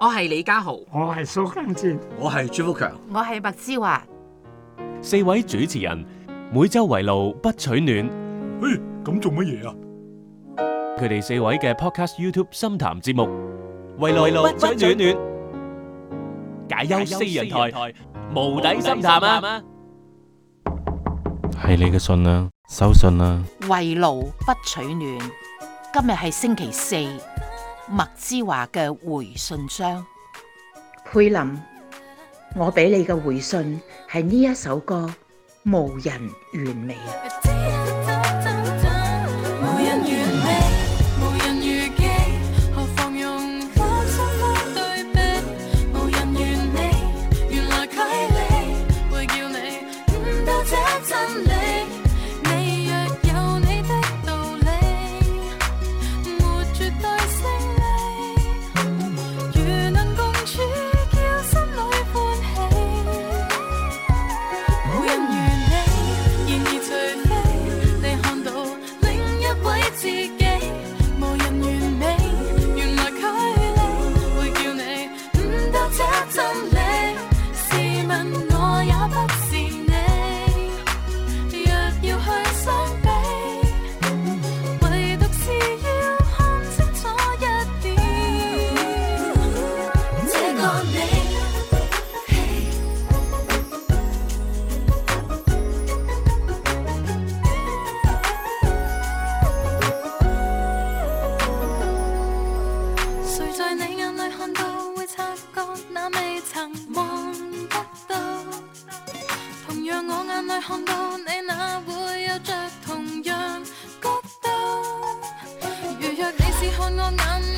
我係李家豪，我係蘇根志，我係朱福強，我係麥之華。四位主持人每周圍爐不取暖。誒、欸，咁做乜嘢啊？佢哋四位嘅 Podcast YouTube 深談節目，圍爐不取暖，暖，不取暖，暖，解憂四人台台，無底深談啊！係你嘅信啊，收信啊。圍爐不取暖，今日係星期四。麥之華嘅回信箱，佩林，我俾你嘅回信係呢一首歌《無人完美》。眼裏看到你，哪會有着同樣角度？如若你試看我眼眸。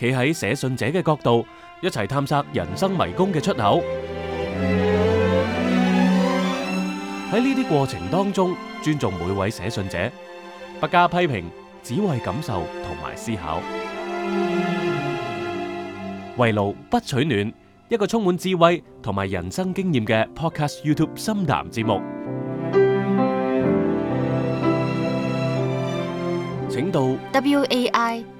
企喺寫信者嘅角度，一齊探索人生迷宮嘅出口。喺呢啲過程當中，尊重每位寫信者，不加批評，只為感受同埋思考。為爐不取暖，一個充滿智慧同埋人生經驗嘅 Podcast YouTube 深談節目，請到 WAI。